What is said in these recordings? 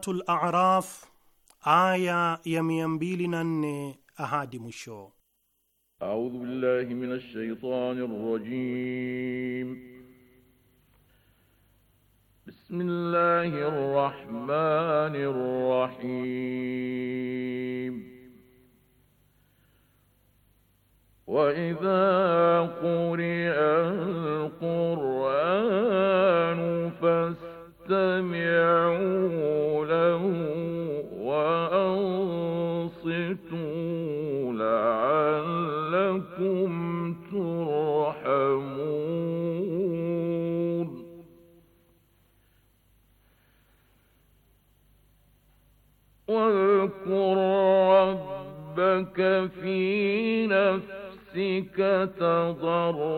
Suratul A'raf aya ya mia mbili na nne ahadi mwisho. A'udhu billahi minash shaitanir rajim. Bismillahir rahmanir نفسك تضرعا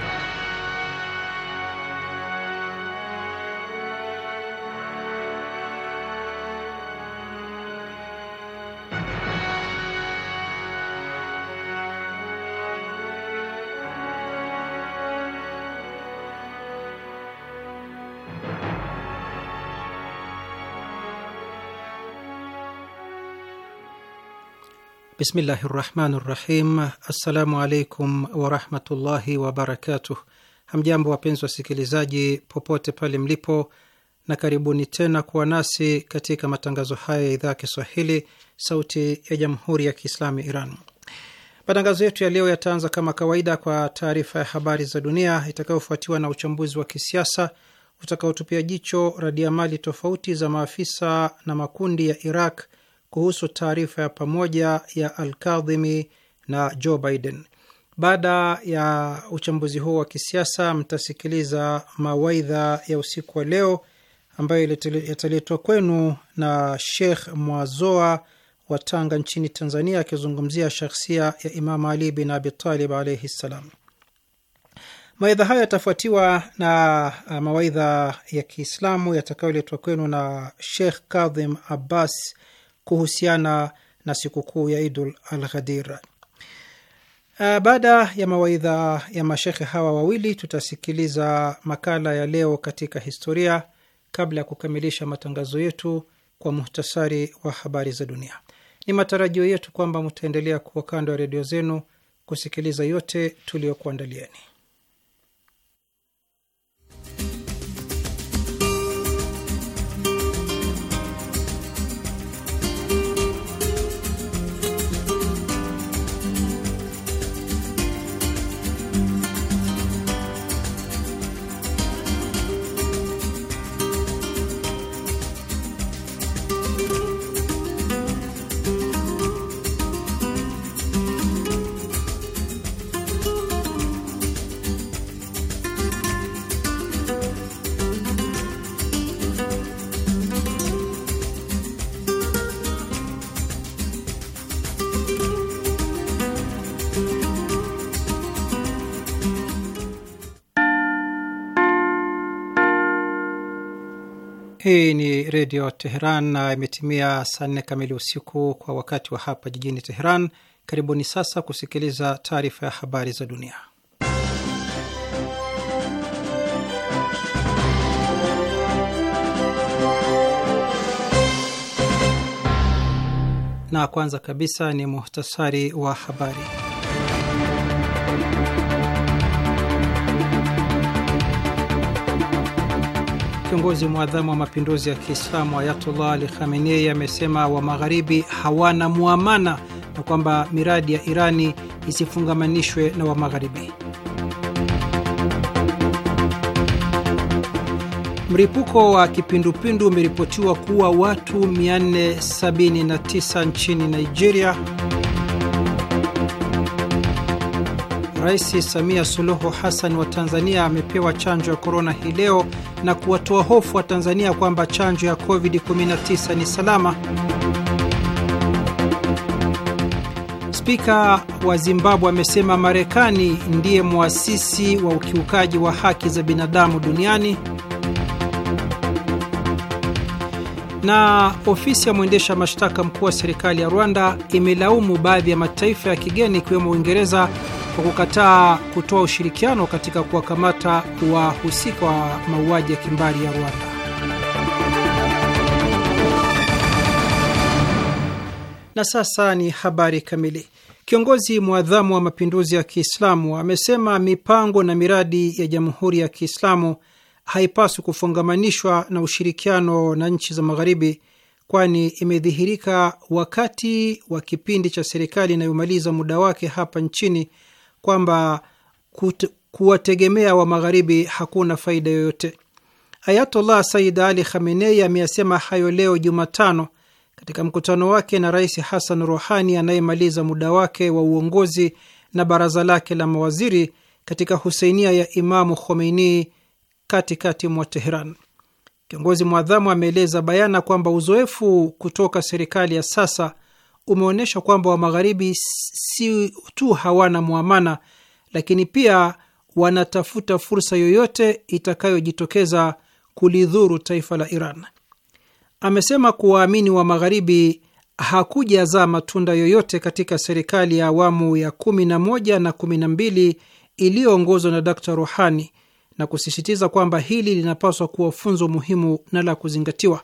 Bismillahi rahmani rahim. Assalamu alaikum warahmatullahi wabarakatuh. Hamjambo wapenzi wasikilizaji popote pale mlipo, na karibuni tena kuwa nasi katika matangazo haya ya idhaa ya Kiswahili, Sauti ya Jamhuri ya Kiislamu ya Iran. Matangazo yetu ya leo yataanza kama kawaida kwa taarifa ya habari za dunia itakayofuatiwa na uchambuzi wa kisiasa utakaotupia jicho radiamali tofauti za maafisa na makundi ya Iraq kuhusu taarifa ya pamoja ya Alkadhimi na Joe Biden. Baada ya uchambuzi huo wa kisiasa, mtasikiliza mawaidha ya usiku wa leo ambayo yataletwa kwenu na Sheikh Mwazoa wa Tanga nchini Tanzania, akizungumzia shakhsia ya imamu Ali bin Abi Talib alaihi ssalam. Mawaidha hayo yatafuatiwa na uh, mawaidha ya Kiislamu yatakayoletwa kwenu na Sheikh Kadhim Abbas kuhusiana na sikukuu ya Idul al Ghadir. Uh, baada ya mawaidha ya mashekhe hawa wawili, tutasikiliza makala ya leo katika historia, kabla ya kukamilisha matangazo yetu kwa muhtasari wa habari za dunia. Ni matarajio yetu kwamba mtaendelea kuwa kando ya redio zenu kusikiliza yote tuliyokuandalieni. Hii ni Redio Teheran na imetimia saa nne kamili usiku kwa wakati wa hapa jijini Teheran. Karibuni sasa kusikiliza taarifa ya habari za dunia, na kwanza kabisa ni muhtasari wa habari. Kiongozi mwadhamu wa mapinduzi ya Kiislamu Ayatullah Ali Khamenei amesema wa Magharibi hawana mwamana na kwamba miradi ya Irani isifungamanishwe na wa Magharibi. Mlipuko wa kipindupindu umeripotiwa kuwa watu 479 nchini Nigeria. Rais Samia Suluhu Hassan wa Tanzania amepewa chanjo ya korona hii leo na kuwatoa hofu wa Tanzania kwamba chanjo ya COVID-19 ni salama. Spika wa Zimbabwe amesema Marekani ndiye mwasisi wa ukiukaji wa haki za binadamu duniani. Na ofisi ya mwendesha mashtaka mkuu wa serikali ya Rwanda imelaumu baadhi ya mataifa ya kigeni ikiwemo Uingereza kwa kukataa kutoa ushirikiano katika kuwakamata wahusika wa mauaji ya kimbari ya Rwanda. Na sasa ni habari kamili. Kiongozi mwadhamu wa mapinduzi ya Kiislamu amesema mipango na miradi ya Jamhuri ya Kiislamu haipaswi kufungamanishwa na ushirikiano na nchi za Magharibi, kwani imedhihirika wakati wa kipindi cha serikali inayomaliza muda wake hapa nchini kwamba kuwategemea wa magharibi hakuna faida yoyote. Ayatollah Said Ali Khamenei ameyasema hayo leo Jumatano katika mkutano wake na Rais Hassan Rohani anayemaliza muda wake wa uongozi na baraza lake la mawaziri katika huseinia ya Imamu Khomeini katikati mwa Teheran. Kiongozi mwadhamu ameeleza bayana kwamba uzoefu kutoka serikali ya sasa umeonyesha kwamba wa Magharibi si tu hawana mwamana, lakini pia wanatafuta fursa yoyote itakayojitokeza kulidhuru taifa la Iran. Amesema kuwaamini wa Magharibi hakujazaa matunda yoyote katika serikali ya awamu ya kumi na moja na kumi na mbili iliyoongozwa na Dkt. Rohani na kusisitiza kwamba hili linapaswa kuwa funzo muhimu na la kuzingatiwa.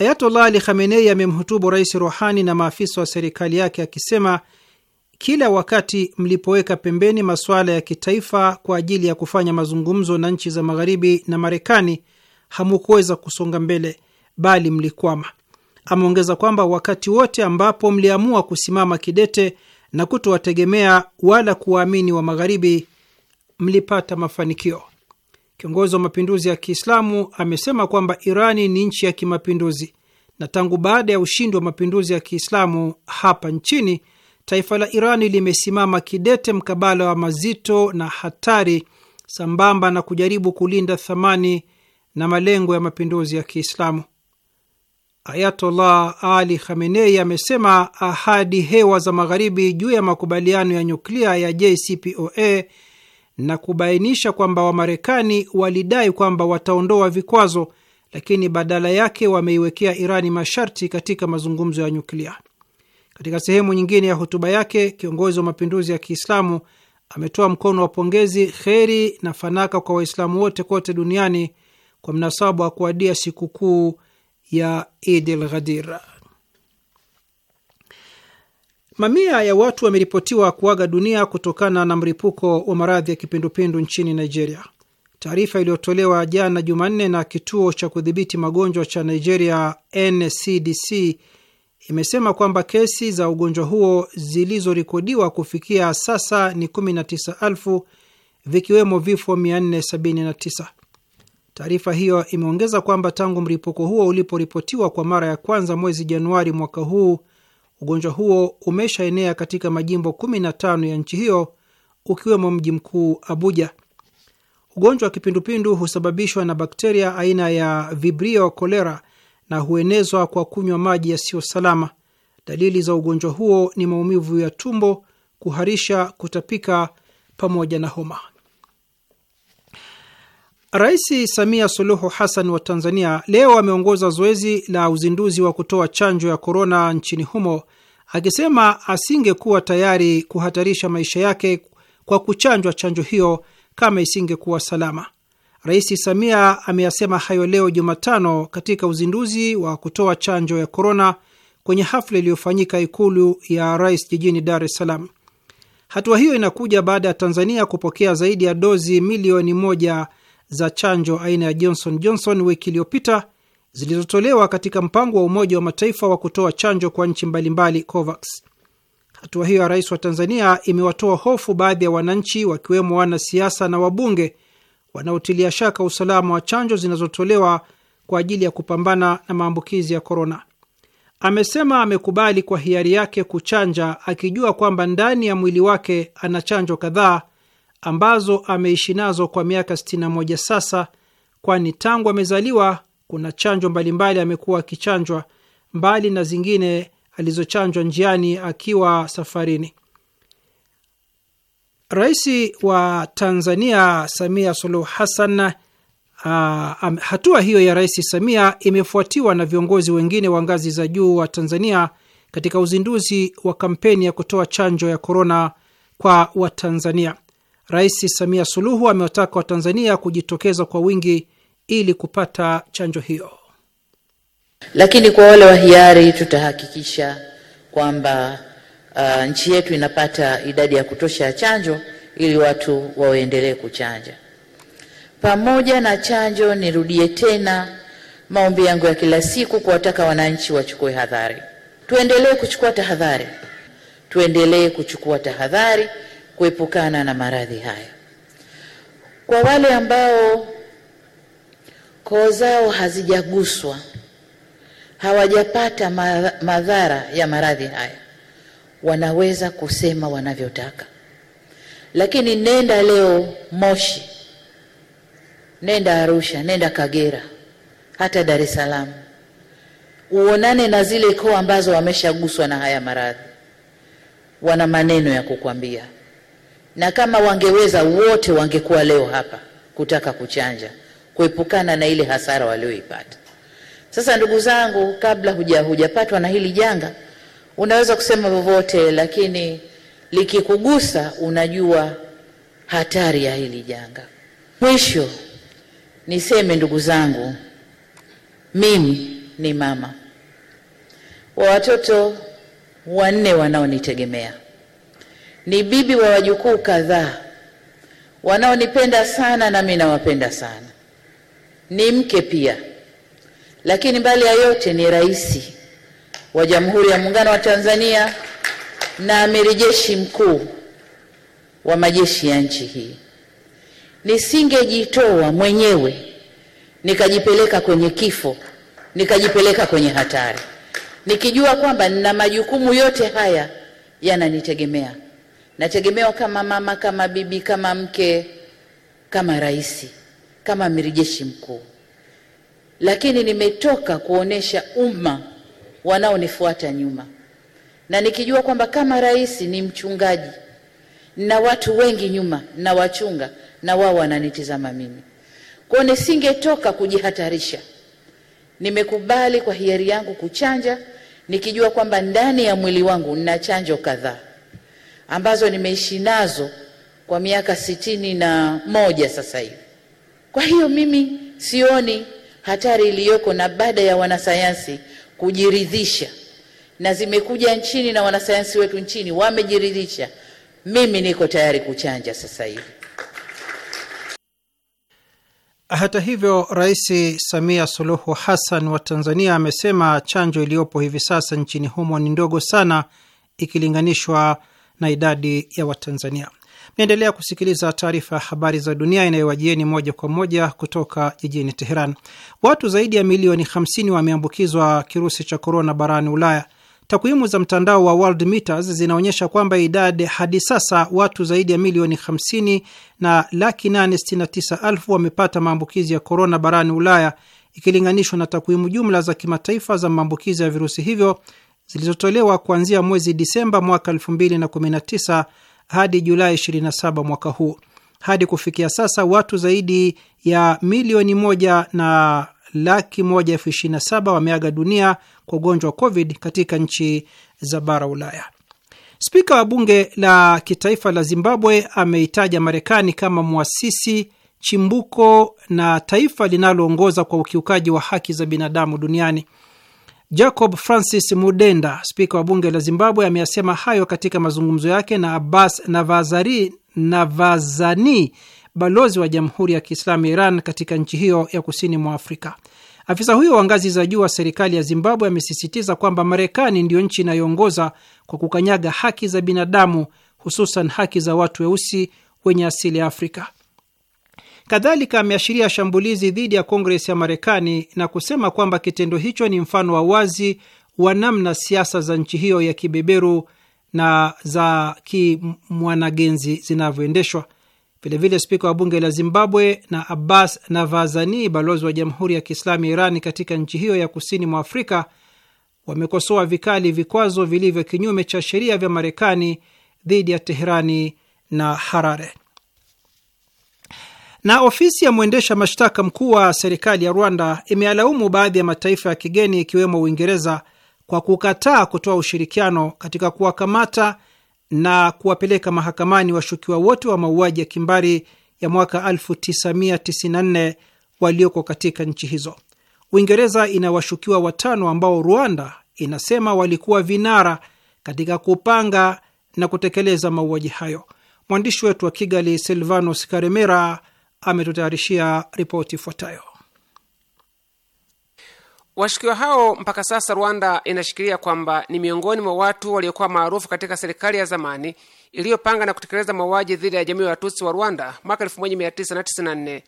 Ayatollah Ali Khamenei amemhutubu Rais Rohani na maafisa wa serikali yake akisema, kila wakati mlipoweka pembeni masuala ya kitaifa kwa ajili ya kufanya mazungumzo na nchi za Magharibi na Marekani, hamukuweza kusonga mbele, bali mlikwama. Ameongeza kwamba wakati wote ambapo mliamua kusimama kidete na kutowategemea wala kuwaamini wa Magharibi, mlipata mafanikio. Kiongozi wa mapinduzi ya Kiislamu amesema kwamba Irani ni nchi ya kimapinduzi na tangu baada ya ushindi wa mapinduzi ya Kiislamu hapa nchini, taifa la Irani limesimama kidete mkabala wa mazito na hatari, sambamba na kujaribu kulinda thamani na malengo ya mapinduzi ya Kiislamu. Ayatollah Ali Khamenei amesema ahadi hewa za magharibi juu ya makubaliano ya nyuklia ya JCPOA na kubainisha kwamba Wamarekani walidai kwamba wataondoa vikwazo, lakini badala yake wameiwekea Irani masharti katika mazungumzo ya nyuklia. Katika sehemu nyingine ya hotuba yake, kiongozi wa mapinduzi ya Kiislamu ametoa mkono wa pongezi, kheri na fanaka kwa Waislamu wote kote duniani kwa mnasaba wa kuadia sikukuu ya Idil Ghadir. Mamia ya watu wameripotiwa kuaga dunia kutokana na mlipuko wa maradhi ya kipindupindu nchini Nigeria. Taarifa iliyotolewa jana Jumanne na kituo cha kudhibiti magonjwa cha Nigeria, NCDC, imesema kwamba kesi za ugonjwa huo zilizorekodiwa kufikia sasa ni 19,000 vikiwemo vifo 479. Taarifa hiyo imeongeza kwamba tangu mlipuko huo uliporipotiwa kwa mara ya kwanza mwezi Januari mwaka huu Ugonjwa huo umeshaenea katika majimbo 15 ya nchi hiyo ukiwemo mji mkuu Abuja. Ugonjwa wa kipindupindu husababishwa na bakteria aina ya Vibrio cholera na huenezwa kwa kunywa maji yasiyo salama. Dalili za ugonjwa huo ni maumivu ya tumbo, kuharisha, kutapika pamoja na homa. Rais Samia Suluhu Hassan wa Tanzania leo ameongoza zoezi la uzinduzi wa kutoa chanjo ya korona nchini humo, akisema asingekuwa tayari kuhatarisha maisha yake kwa kuchanjwa chanjo hiyo kama isingekuwa salama. Rais Samia ameyasema hayo leo Jumatano katika uzinduzi wa kutoa chanjo ya korona kwenye hafla iliyofanyika Ikulu ya rais jijini Dar es Salaam. Hatua hiyo inakuja baada ya Tanzania kupokea zaidi ya dozi milioni moja za chanjo aina ya Johnson Johnson wiki iliyopita zilizotolewa katika mpango wa Umoja wa Mataifa wa kutoa chanjo kwa nchi mbalimbali COVAX. Hatua hiyo ya rais wa Tanzania imewatoa hofu baadhi ya wananchi, wakiwemo wanasiasa na wabunge wanaotilia shaka usalama wa chanjo zinazotolewa kwa ajili ya kupambana na maambukizi ya korona. Amesema amekubali kwa hiari yake kuchanja akijua kwamba ndani ya mwili wake ana chanjo kadhaa ambazo ameishi nazo kwa miaka 61 sasa, kwani tangu amezaliwa kuna chanjo mbalimbali amekuwa akichanjwa, mbali na zingine alizochanjwa njiani akiwa safarini. Rais wa Tanzania Samia Suluhu Hassan. Uh, hatua hiyo ya Rais Samia imefuatiwa na viongozi wengine wa ngazi za juu wa Tanzania katika uzinduzi wa kampeni ya kutoa chanjo ya korona kwa Watanzania. Rais Samia Suluhu amewataka Watanzania kujitokeza kwa wingi ili kupata chanjo hiyo. Lakini kwa wale wahiari tutahakikisha kwamba uh, nchi yetu inapata idadi ya kutosha ya chanjo ili watu waendelee kuchanja. Pamoja na chanjo, nirudie tena maombi yangu ya kila siku kuwataka wananchi wachukue hadhari. Tuendelee kuchukua tahadhari, tuendelee kuchukua tahadhari kuepukana na maradhi haya. Kwa wale ambao koo zao hazijaguswa, hawajapata madhara ya maradhi haya, wanaweza kusema wanavyotaka, lakini nenda leo Moshi, nenda Arusha, nenda Kagera, hata Dar es Salaam, uonane na zile koo ambazo wameshaguswa na haya maradhi, wana maneno ya kukwambia na kama wangeweza wote wangekuwa leo hapa kutaka kuchanja kuepukana na ile hasara walioipata. Sasa ndugu zangu, kabla huja hujapatwa na hili janga, unaweza kusema vyovyote, lakini likikugusa unajua hatari ya hili janga. Mwisho niseme ndugu zangu, mimi ni mama wa watoto wanne wanaonitegemea ni bibi wa wajukuu kadhaa wanaonipenda sana na mimi nawapenda sana. Ni mke pia, lakini mbali ya yote ni rais wa Jamhuri ya Muungano wa Tanzania na amiri jeshi mkuu wa majeshi ya nchi hii. Nisingejitoa mwenyewe nikajipeleka kwenye kifo, nikajipeleka kwenye hatari, nikijua kwamba nina majukumu yote haya yananitegemea nategemewa kama mama, kama bibi, kama mke, kama rais, kama amiri jeshi mkuu, lakini nimetoka kuonesha umma wanaonifuata nyuma, na nikijua kwamba kama rais ni mchungaji na watu wengi nyuma na wachunga na wao wananitizama mimi, kwao nisingetoka kujihatarisha. Nimekubali kwa hiari yangu kuchanja nikijua kwamba ndani ya mwili wangu nina chanjo kadhaa ambazo nimeishi nazo kwa miaka sitini na moja sasa hivi. Kwa hiyo mimi sioni hatari iliyoko, na baada ya wanasayansi kujiridhisha, na zimekuja nchini na wanasayansi wetu nchini wamejiridhisha, mimi niko tayari kuchanja sasa hivi. Hata hivyo, Rais Samia Suluhu Hassan wa Tanzania amesema chanjo iliyopo hivi sasa nchini humo ni ndogo sana ikilinganishwa na idadi ya Watanzania. naendelea kusikiliza taarifa ya habari za dunia inayowajieni moja kwa moja kutoka jijini Teheran. Watu zaidi ya milioni 50 wameambukizwa kirusi cha korona barani Ulaya. Takwimu za mtandao wa World Meters zinaonyesha kwamba idadi hadi sasa watu zaidi ya milioni 50 na laki 869 wamepata maambukizi ya korona barani Ulaya ikilinganishwa na takwimu jumla za kimataifa za maambukizi ya virusi hivyo zilizotolewa kuanzia mwezi Disemba mwaka 2019 hadi Julai 27 mwaka huu. Hadi kufikia sasa watu zaidi ya milioni moja na laki moja elfu ishirini na saba wameaga dunia kwa ugonjwa wa COVID katika nchi za bara Ulaya. Spika wa bunge la kitaifa la Zimbabwe ameitaja Marekani kama mwasisi chimbuko na taifa linaloongoza kwa ukiukaji wa haki za binadamu duniani. Jacob Francis Mudenda, spika wa bunge la Zimbabwe, ameyasema hayo katika mazungumzo yake na Abbas Navazari, Navazani, balozi wa Jamhuri ya Kiislamu ya Iran katika nchi hiyo ya kusini mwa Afrika. Afisa huyo wa ngazi za juu wa serikali ya Zimbabwe amesisitiza kwamba Marekani ndiyo nchi inayoongoza kwa kukanyaga haki za binadamu, hususan haki za watu weusi wenye asili ya Afrika. Kadhalika ameashiria shambulizi dhidi ya Kongres ya Marekani na kusema kwamba kitendo hicho ni mfano wa wazi wa namna siasa za nchi hiyo ya kibeberu na za kimwanagenzi zinavyoendeshwa. Vilevile, spika wa bunge la Zimbabwe na Abbas Navazani, balozi wa Jamhuri ya Kiislamu ya Iran katika nchi hiyo ya kusini mwa Afrika, wamekosoa vikali vikwazo vilivyo kinyume cha sheria vya Marekani dhidi ya Teherani na Harare. Na ofisi ya mwendesha mashtaka mkuu wa serikali ya Rwanda imealaumu baadhi ya mataifa ya kigeni ikiwemo Uingereza kwa kukataa kutoa ushirikiano katika kuwakamata na kuwapeleka mahakamani washukiwa wote wa mauaji ya kimbari ya mwaka 1994 walioko katika nchi hizo. Uingereza ina washukiwa watano ambao Rwanda inasema walikuwa vinara katika kupanga na kutekeleza mauaji hayo. Mwandishi wetu wa Kigali, Silvanos Karemera, ametutayarishia ripoti ifuatayo. Washukiwa hao mpaka sasa Rwanda inashikilia kwamba ni miongoni mwa watu waliokuwa maarufu katika serikali ya zamani iliyopanga na kutekeleza mauaji dhidi ya jamii ya watusi wa Rwanda mwaka 1994.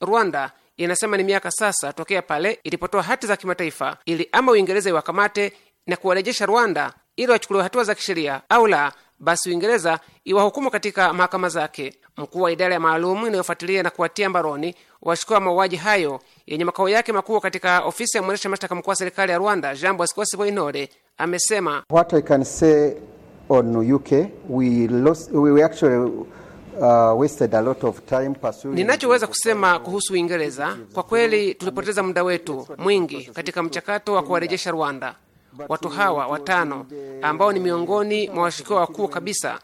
Rwanda inasema ni miaka sasa tokea pale ilipotoa hati za kimataifa ili ama Uingereza iwakamate na kuwarejesha Rwanda ili wachukuliwe hatua za kisheria au la basi Uingereza iwahukumu katika mahakama zake. Mkuu wa idara ya maalumu inayofuatilia na kuwatia mbaroni washukiwa mauaji hayo yenye makao yake makuu katika ofisi ya mwendesha mashtaka mkuu wa serikali ya Rwanda, Jean Bosco Siboyintore amesema, What I can say on UK, we lost, we actually Uh, wasted a lot of time pursuing... Ninachoweza kusema kuhusu Uingereza, kwa kweli tulipoteza muda wetu mwingi katika mchakato wa kuwarejesha Rwanda watu hawa watano ambao ni miongoni mwa washukiwa wakuu kabisa,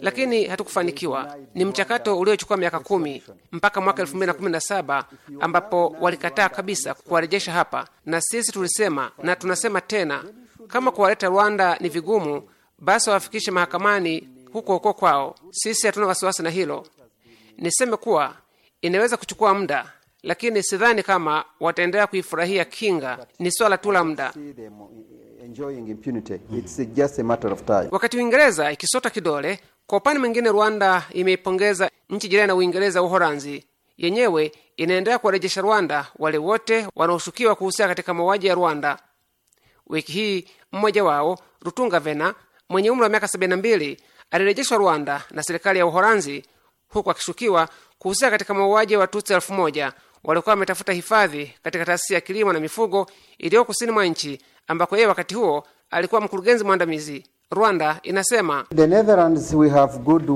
lakini hatukufanikiwa. Ni mchakato uliochukua miaka kumi mpaka mwaka elfu mbili na kumi na saba ambapo walikataa kabisa kuwarejesha hapa, na sisi tulisema na tunasema tena, kama kuwaleta Rwanda ni vigumu, basi wawafikishe mahakamani huko huko kwao. Sisi hatuna wasiwasi na hilo. Niseme kuwa inaweza kuchukua muda lakini sidhani kama wataendelea kuifurahia kinga. Ni swala tu la muda enjoying impunity. Mm-hmm. It's just a matter of time. Wakati Uingereza ikisota kidole, kwa upande mwingine Rwanda imeipongeza nchi jirani na Uingereza wa Uholanzi yenyewe inaendelea kuwarejesha Rwanda wale wote wanaoshukiwa kuhusika katika mauaji ya Rwanda. Wiki hii mmoja wao Rutunga Vena mwenye umri wa miaka 72 alirejeshwa Rwanda na serikali ya Uholanzi huku akishukiwa kuhusika katika mauaji ya Watutsi elfu moja walikuwa wametafuta hifadhi katika taasisi ya kilimo na mifugo iliyo kusini mwa nchi ambako yeye wakati huo alikuwa mkurugenzi mwandamizi. Rwanda inasema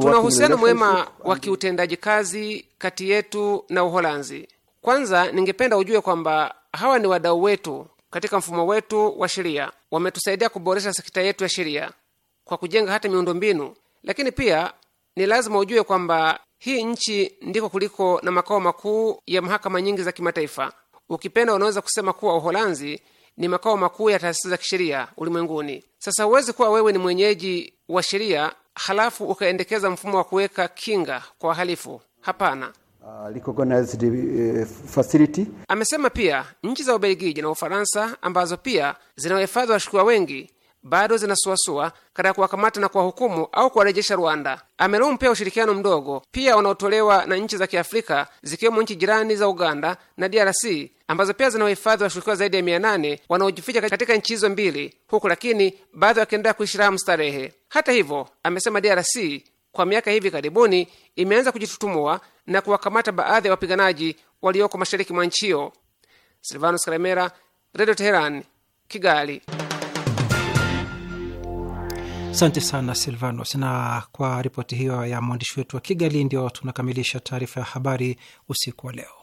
tuna uhusiano mwema wa kiutendaji kazi kati yetu na Uholanzi. Kwanza, ningependa ujue kwamba hawa ni wadau wetu katika mfumo wetu wa sheria. Wametusaidia kuboresha sekta yetu ya sheria kwa kujenga hata miundombinu, lakini pia ni lazima ujue kwamba hii nchi ndiko kuliko na makao makuu ya mahakama nyingi za kimataifa. Ukipenda unaweza kusema kuwa Uholanzi ni makao makuu ya taasisi za kisheria ulimwenguni. Sasa huwezi kuwa wewe ni mwenyeji wa sheria halafu ukaendekeza mfumo wa kuweka kinga kwa wahalifu. Hapana. Uh, uh amesema pia nchi za Ubelgiji na Ufaransa ambazo pia zinawahifadhi washukiwa wengi bado zinasuasua katika kuwakamata na kuwahukumu au kuwarejesha Rwanda. Amelaumu pia ushirikiano mdogo pia unaotolewa na nchi za Kiafrika zikiwemo nchi jirani za Uganda na DRC ambazo pia zina wahifadhi washukiwa zaidi ya mia nane wanaojificha katika nchi hizo mbili, huku lakini baadhi wakiendelea kuishi raha mstarehe. Hata hivyo, amesema DRC kwa miaka hivi karibuni imeanza kujitutumua na kuwakamata baadhi ya wapiganaji walioko mashariki mwa nchi hiyo. Silvanus Kigali. Asante sana Silvanos, na kwa ripoti hiyo ya mwandishi wetu wa Kigali, ndio tunakamilisha taarifa ya habari usiku wa leo.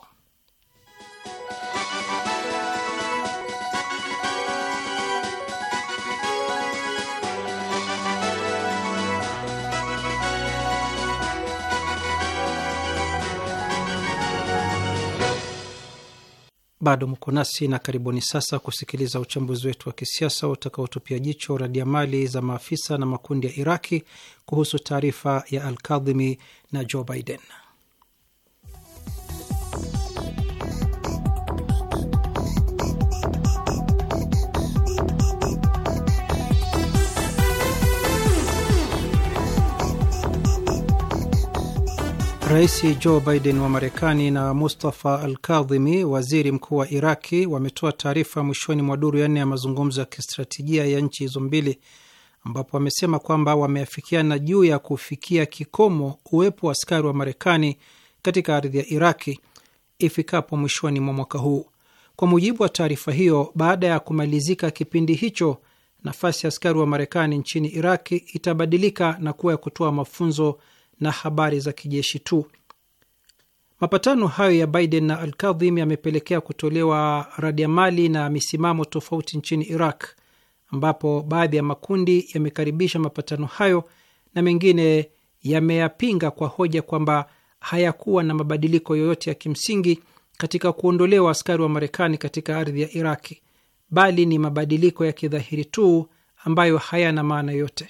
bado mko nasi na karibuni sasa kusikiliza uchambuzi wetu wa kisiasa utakaotupia jicho radia mali za maafisa na makundi ya Iraki kuhusu taarifa ya Alkadhimi na Joe Biden. Rais Joe Biden wa Marekani na Mustafa Al Kadhimi, waziri mkuu wa Iraki, wametoa taarifa mwishoni mwa duru ya nne ya mazungumzo ya kistratejia ya nchi hizo mbili, ambapo wamesema kwamba wameafikiana juu ya kufikia kikomo uwepo wa askari wa Marekani katika ardhi ya Iraki ifikapo mwishoni mwa mwaka huu. Kwa mujibu wa taarifa hiyo, baada ya kumalizika kipindi hicho, nafasi ya askari wa Marekani nchini Iraki itabadilika na kuwa ya kutoa mafunzo na habari za kijeshi tu. Mapatano hayo ya Biden na Alkadhim yamepelekea kutolewa radiamali na misimamo tofauti nchini Iraq, ambapo baadhi ya makundi yamekaribisha mapatano hayo na mengine yameyapinga kwa hoja kwamba hayakuwa na mabadiliko yoyote ya kimsingi katika kuondolewa askari wa Marekani katika ardhi ya Iraki, bali ni mabadiliko ya kidhahiri tu ambayo hayana maana yote.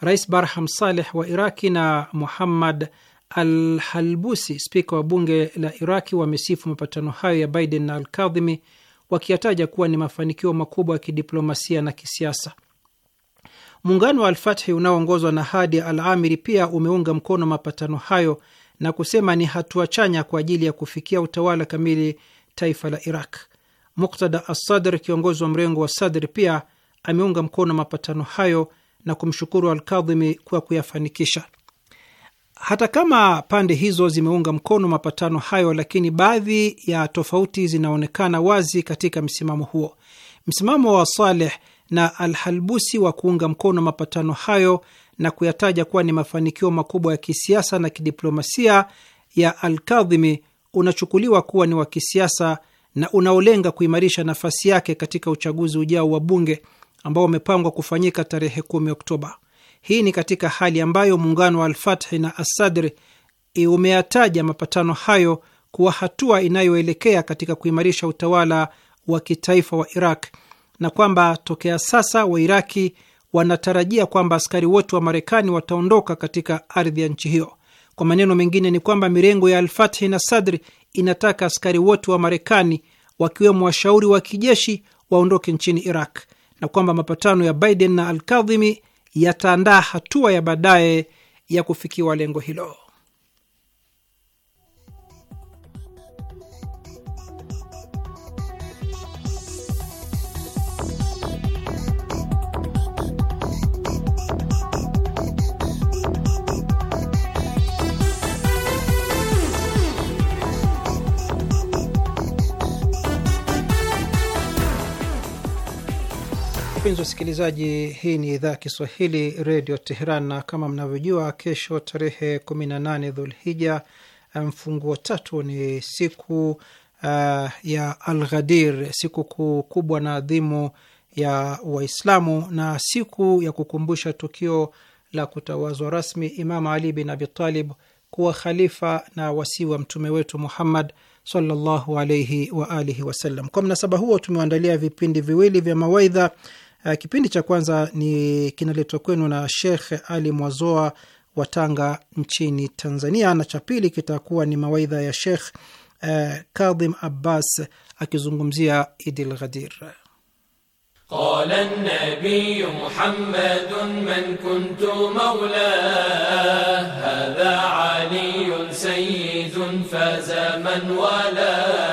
Rais Barham Saleh wa Iraki na Muhammad al Halbusi, spika wa bunge la Iraki, wamesifu mapatano hayo ya Biden na Alkadhimi wakiyataja kuwa ni mafanikio makubwa ya kidiplomasia na kisiasa. Muungano wa Alfathi unaoongozwa na Hadi al Amiri pia umeunga mkono mapatano hayo na kusema ni hatua chanya kwa ajili ya kufikia utawala kamili taifa la Iraq. Muktada Assadr, kiongozi wa mrengo wa Sadr, pia ameunga mkono mapatano hayo na kumshukuru Alkadhimi kwa kuyafanikisha. Hata kama pande hizo zimeunga mkono mapatano hayo, lakini baadhi ya tofauti zinaonekana wazi katika msimamo huo. Msimamo wa Saleh na Alhalbusi wa kuunga mkono mapatano hayo na kuyataja kuwa ni mafanikio makubwa ya kisiasa na kidiplomasia ya Alkadhimi unachukuliwa kuwa ni wa kisiasa na unaolenga kuimarisha nafasi yake katika uchaguzi ujao wa bunge ambao wamepangwa kufanyika tarehe 10 Oktoba. Hii ni katika hali ambayo muungano wa Alfathi na Assadri umeyataja mapatano hayo kuwa hatua inayoelekea katika kuimarisha utawala wa kitaifa wa Iraq na kwamba tokea sasa Wairaki wanatarajia kwamba askari wote wa Marekani wataondoka katika ardhi ya nchi hiyo. Kwa maneno mengine, ni kwamba mirengo ya Alfathi na sadr inataka askari wote wa Marekani wakiwemo washauri wa kijeshi waondoke nchini Iraq na kwamba mapatano ya Biden na Alkadhimi yataandaa hatua ya baadaye ya kufikiwa lengo hilo. Wapenzi wasikilizaji, hii ni idhaa ya Kiswahili redio Teheran, na kama mnavyojua, kesho tarehe 18 Dhulhija um, mfunguo tatu ni siku uh, ya Alghadir, siku kuu kubwa na adhimu ya Waislamu na siku ya kukumbusha tukio la kutawazwa rasmi Imam Ali bin Abitalib kuwa khalifa na wasii wa mtume wetu Muhammad sallallahu alaihi wa alihi wasallam. Kwa mnasaba huo tumeandalia vipindi viwili vya mawaidha Eh, kipindi cha kwanza ni kinaletwa kwenu na Shekh Ali Mwazoa wa Tanga nchini Tanzania, na cha pili kitakuwa ni mawaidha ya Shekh uh, eh, Kadhim Abbas akizungumzia Idil Ghadir. Qala an-nabiy man kuntu mawla hadha faza man wala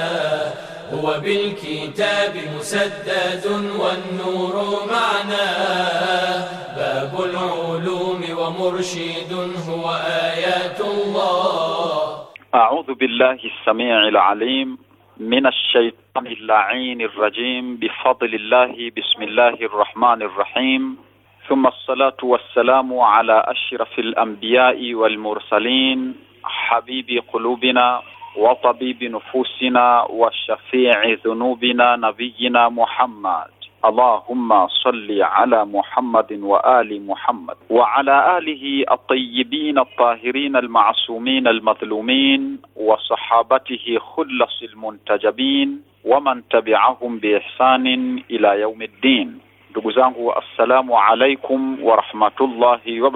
هو بالكتاب مسدد والنور معناه باب العلوم ومرشد هو آيات الله أعوذ بالله السميع العليم من الشيطان اللعين الرجيم بفضل الله بسم الله الرحمن الرحيم ثم الصلاة والسلام على أشرف الأنبياء والمرسلين حبيب قلوبنا وطبيب نفوسنا وشفيع ذنوبنا نبينا محمد اللهم صل على محمد وآل محمد وعلى آله الطيبين الطاهرين المعصومين المظلومين وصحابته خلص المنتجبين ومن تبعهم بإحسان إلى يوم الدين Ndugu zangu, assalamu alaikum wa rahmatullahi wa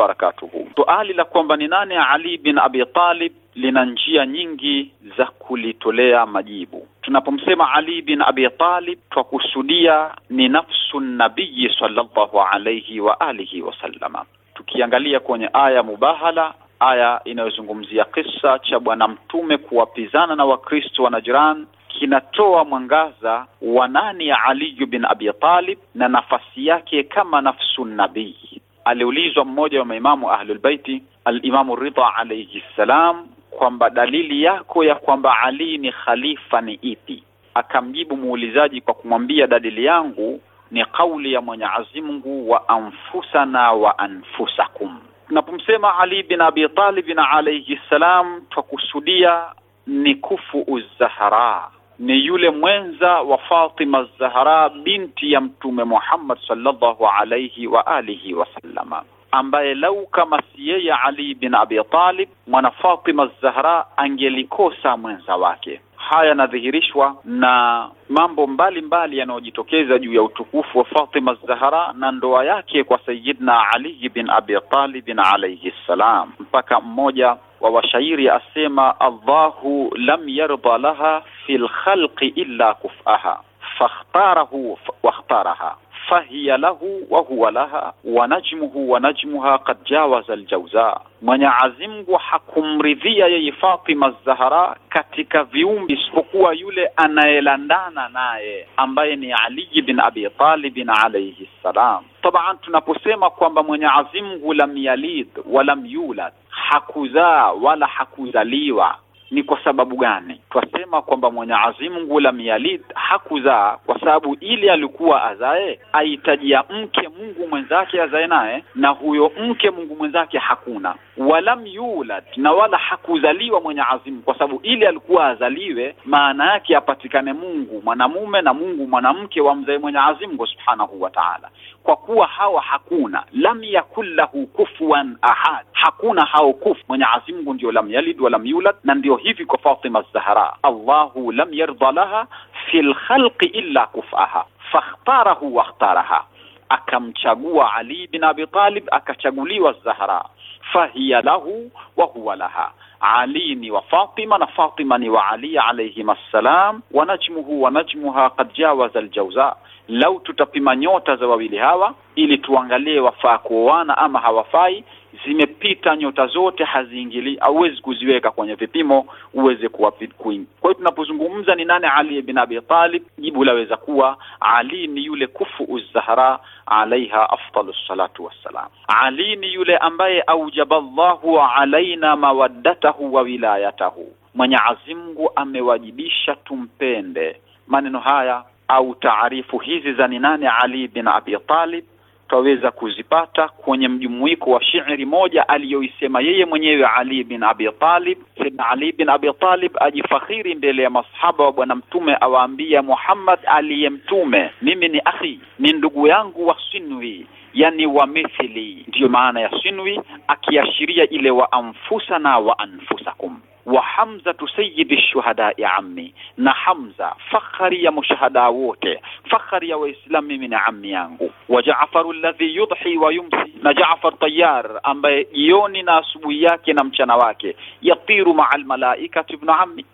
Suali la kwamba ni nani Ali bin Abi Talib lina njia nyingi za kulitolea majibu. Tunapomsema Ali bin Abi Talib twakusudia ni nafsu nabiyi sallallahu alayhi wa alihi wasallama. Tukiangalia kwenye aya mubahala, aya inayozungumzia kisa cha Bwana Mtume kuwapizana na Wakristo wa Najran kinatoa mwangaza wa nani ya Ali bin Abi Talib na nafasi yake kama nafsu nabii. Aliulizwa mmoja wa maimamu Ahlulbaiti, Alimamu Ridha alayhi ssalam, kwamba dalili yako ya kwamba Ali ni khalifa ni ipi? Akamjibu muulizaji kwa kumwambia dalili yangu ni kauli ya Mwenyezi Mungu, wa anfusana wa anfusakum. Tunapomsema Ali bin Abi Talib alayhi ssalam, twakusudia ni kufu Zahra ni yule mwenza wa Fatima Zahra binti ya Mtume Muhammad sallallahu alayhi wa alihi wasallama, ambaye lau kama si yeye Ali bin Abi Talib mwana Fatima Zahra angelikosa mwenza wake. Haya yanadhihirishwa na mambo mbalimbali yanayojitokeza juu ya utukufu wa Fatima Zahra na ndoa yake kwa Sayyidina Ali bin Abi Talib alayhi salam, mpaka mmoja ووشعير أسيما الله لم يرضى لها في الخلق إلا كفأها فاختاره واختارها fahiya lahu wa huwa laha wa najmuhu wa najmuha qad jawaza aljawza, Mwenyezi Mungu hakumridhia yeye Fatima Zahara katika viumbi isipokuwa yule anayelandana naye ambaye ni Ali bin Abi Talib alayhi salam. Taban, tunaposema kwamba Mwenyezi Mungu lam yalid wa lam yulad, hakuzaa wala hakuzaliwa ni kwa sababu gani? Twasema kwamba Mwenyezi Mungu lam yalid, hakuzaa kwa sababu ili alikuwa azae aitajia mke Mungu mwenzake azae naye, na huyo mke Mungu mwenzake hakuna. Walam yulad, na wala hakuzaliwa Mwenyezi Mungu, kwa sababu ili alikuwa azaliwe, maana yake apatikane Mungu mwanamume na Mungu mwanamke wamzae Mwenyezi Mungu subhanahu wa taala kwa kuwa hawa hakuna, lam yakun lahu kufuwan ahad, hakuna hao kufu. Mwenyezi Mungu ndio lam yalid walam yulad, na ndio hivi kwa Fatima Zahra, Allahu lam yarda laha fi lkhalqi illa kufaha fakhtarahu wakhtaraha, akamchagua Ali bin Abi Talib, akachaguliwa Zahra, fahiya lahu wa huwa laha ali ni wa Fatima na Fatima ni wa Ali alayhim assalam, wa najmuhu wa najmuha qad jawaza aljawza. Lau tutapima nyota za wawili hawa ili tuangalie wafaa kuoana ama hawafai zimepita nyota zote, haziingili hauwezi kuziweka kwenye vipimo uweze kuwa queen. Kwa hiyo tunapozungumza ni nani Ali ibn Abi Talib, jibu laweza kuwa Ali ni yule kufu uzahra alaiha afdalu salatu wassalam. Ali ni yule ambaye aujaba llahu alaina mawaddatahu wa wilayatahu, Mwenyezi Mungu amewajibisha tumpende. Maneno haya au taarifu hizi za ni nani Ali bin Abi Talib tutaweza kuzipata kwenye mjumuiko wa shairi moja aliyoisema yeye mwenyewe Ali bin Abi Talib. Sayyidina Ali bin Abi Talib ajifakhiri mbele ya masahaba wa Bwana Mtume, awaambia Muhammad aliye mtume, mimi ni akhi, ni ndugu yangu wa sinwi yani wa mithili, ndiyo maana ya sinwi, akiashiria ile wa anfusana wa anfusakum wa hamzatu sayidi shuhada ya ammi, na Hamza fakhari ya mashahada wote, fakhari ya Waislamu, mimi na ammi yangu. Wa Jaafaru alladhi yudhi wa yumsi, na Jaafar Tayyar ambaye jioni na asubuhi yake na mchana wake yatiru maa almalaikati bnu ammi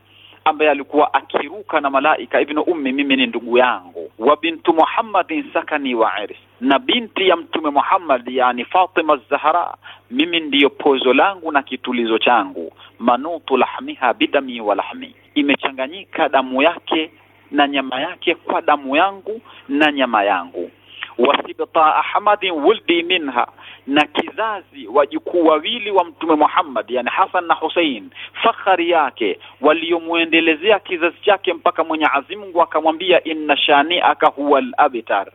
ambaye alikuwa akiruka na malaika Ibnu Ummi, mimi ni ndugu yangu, wa bintu Muhammadin sakani wa irsi, na binti ya Mtume Muhammad yani Fatima Zahra, mimi ndiyo pozo langu na kitulizo changu. Manutu lahmiha bidami wa lahmi, imechanganyika damu yake na nyama yake kwa damu yangu na nyama yangu wasibta ahmadin wuldi minha, na kizazi wajukuu wawili wa Mtume Muhammad, yani Hasan na Hussein, fakhari yake waliomwendelezea kizazi chake mpaka mwenye Mungu akamwambia, inna shani'aka huwal abtar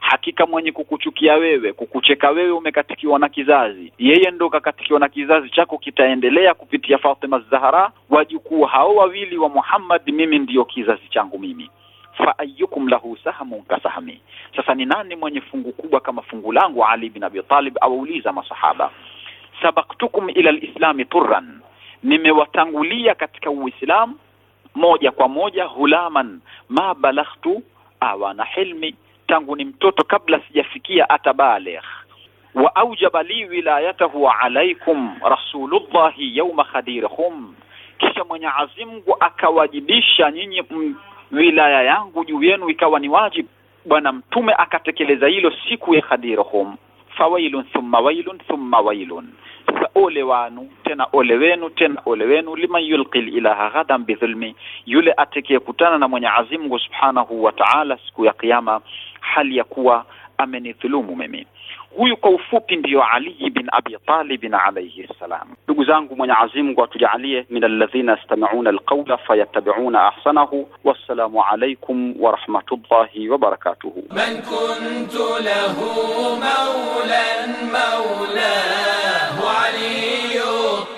Hakika mwenye kukuchukia wewe, kukucheka wewe, umekatikiwa na kizazi. Yeye ndo kakatikiwa na kizazi chako, kitaendelea kupitia Fatima Zahra, wajukuu hao wawili wa Muhammad. Mimi ndiyo kizazi changu mimi fa ayyukum lahu sahmun ka sahmi, sasa ni nani mwenye fungu kubwa kama fungu langu? Ali bin Abi Talib awauliza masahaba, sabaktukum ila lislami turran, nimewatangulia katika Uislamu moja kwa moja. Hulaman ma balaghtu awana hilmi, tangu ni mtoto kabla sijafikia atabaligh wa aujaba li wilayatahu alaikum rasulullahi yauma khadirhum, kisha Mwenyezi Mungu akawajibisha nyinyi wilaya yangu juu yenu ikawa ni wajibu. Bwana Mtume akatekeleza hilo siku ya Ghadirhum, fawailun thumma wailun thumma wailun. Sasa ole wanu tena ole wenu tena ole wenu, liman yulqil ilaha ghadan bidhulmi, yule atakayekutana na mwenye azimu subhanahu wa Ta'ala siku ya Kiyama hali ya kuwa amenidhulumu mimi. huyu kwa ufupi ndiyo Ali bin Abi Talib alayhi salam. Ndugu zangu, Mwenyezi Mungu atujalie min alladhina yastami'una alqawla fayattabi'una ahsanahu. Wassalamu alaykum wa rahmatullahi wa barakatuh. Man kuntu lahu mawlan mawlahu Ali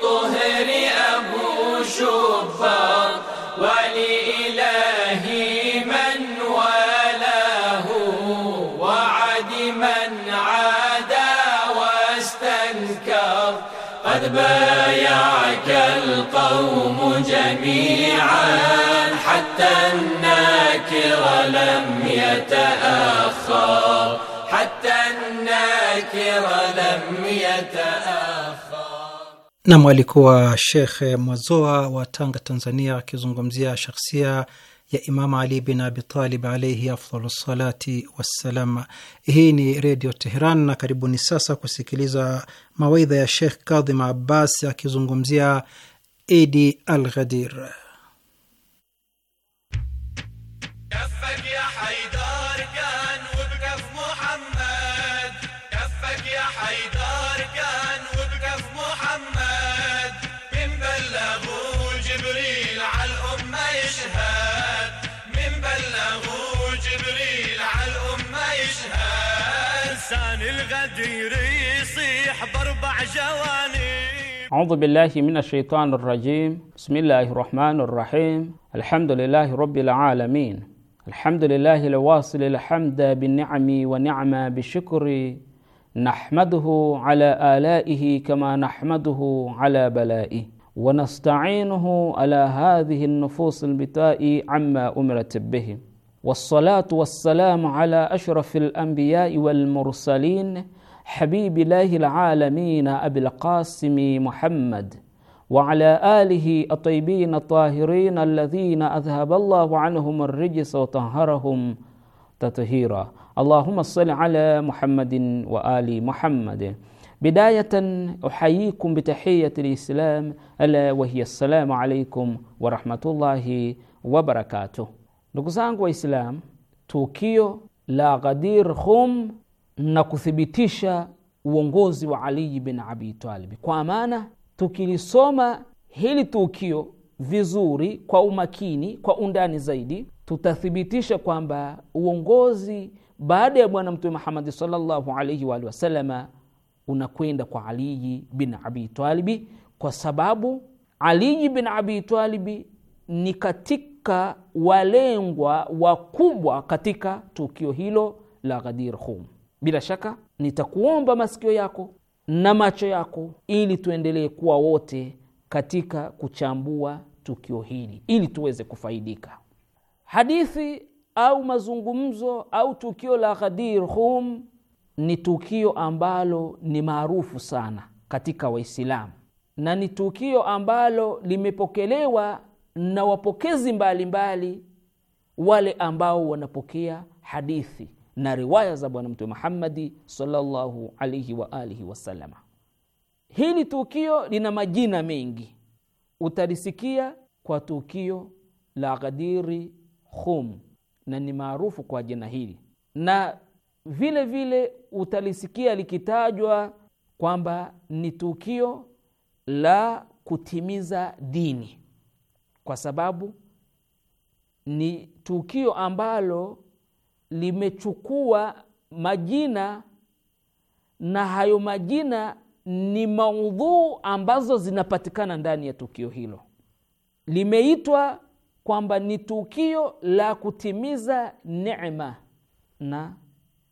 الطهر Abu شباب قد بايعك القوم جميعا حتى الناكر لم يتأخر حتى الناكر لم يتأخر nam alikuwa Shekhe Mwazoa wa Tanga, Tanzania, akizungumzia shakhsia ya Imamu Ali bin Abitalib alaihi afdalu salati wassalam. Hii ni Redio Teheran na karibuni sasa kusikiliza mawaidha ya shekh Kadhim Abbas akizungumzia Idi al Ghadir. أعوذ بالله من الشيطان الرجيم بسم الله الرحمن الرحيم الحمد لله رب العالمين الحمد لله الواصل الحمد بالنعم ونعم بالشكر نحمده على آلائه كما نحمده على بلائه ونستعينه على هذه النفوس البتاء عما أمرت به والصلاة والسلام على أشرف الأنبياء والمرسلين حبيب الله العالمين أبي القاسم محمد وعلى آله الطيبين الطاهرين الذين أذهب الله عنهم الرجس وطهرهم تطهيرا اللهم صل على محمد وآل محمد بداية أحييكم بتحية الإسلام ألا وهي السلام عليكم ورحمة الله وبركاته نقصان وإسلام توكيو لا غدير خم na kuthibitisha uongozi wa Aliyi bin Abi Kwa maana tukilisoma hili tukio vizuri, kwa umakini, kwa undani zaidi, tutathibitisha kwamba uongozi baada ya Bwana Mtume Muhamadi sallallahu alaihi waalihi wasalama unakwenda kwa Aliyi bin Abi Talibi, kwa sababu Aliyi bin Abi Talibi ni katika walengwa wakubwa katika tukio hilo la Ghadir Khum. Bila shaka nitakuomba masikio yako na macho yako, ili tuendelee kuwa wote katika kuchambua tukio hili, ili tuweze kufaidika. Hadithi au mazungumzo au tukio la Ghadir Hum ni tukio ambalo ni maarufu sana katika Waislamu na ni tukio ambalo limepokelewa na wapokezi mbalimbali mbali, wale ambao wanapokea hadithi na riwaya za Bwana Mtume Muhammadi sallallahu alaihi wa alihi wasallama. Hili tukio lina majina mengi, utalisikia kwa tukio la ghadiri Khum, na ni maarufu kwa jina hili, na vile vile utalisikia likitajwa kwamba ni tukio la kutimiza dini, kwa sababu ni tukio ambalo limechukua majina na hayo majina ni maudhuu ambazo zinapatikana ndani ya tukio hilo. Limeitwa kwamba ni tukio la kutimiza neema, na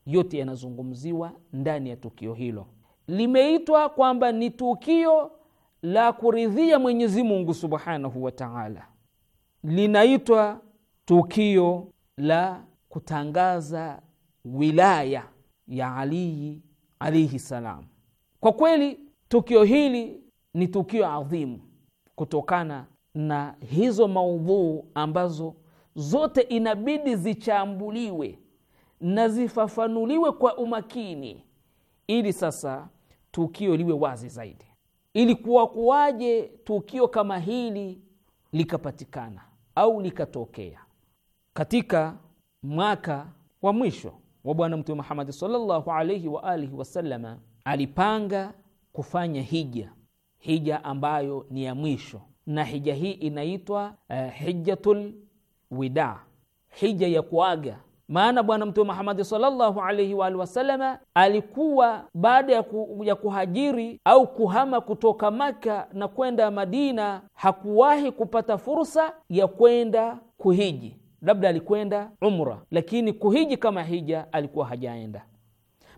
yote yanazungumziwa ndani ya tukio hilo. Limeitwa kwamba ni tukio la kuridhia Mwenyezi Mungu subhanahu wa taala. Linaitwa tukio la kutangaza wilaya ya Alii alaihi salam. Kwa kweli tukio hili ni tukio adhimu kutokana na hizo maudhuu ambazo zote inabidi zichambuliwe na zifafanuliwe kwa umakini, ili sasa tukio liwe wazi zaidi. Ilikuwa kuwaje tukio kama hili likapatikana au likatokea katika mwaka wa mwisho wa Bwana Mtume Muhammad sallallahu alaihi wa alihi wasallama alipanga kufanya hija, hija ambayo ni ya mwisho, na hija hii inaitwa uh, eh, hijatul wida, hija ya kuaga. Maana Bwana Mtume Muhammad sallallahu alaihi wa alihi wasallama alikuwa baada ya, ku, ya kuhajiri au kuhama kutoka Maka na kwenda Madina hakuwahi kupata fursa ya kwenda kuhiji labda alikwenda umra, lakini kuhiji kama hija alikuwa hajaenda.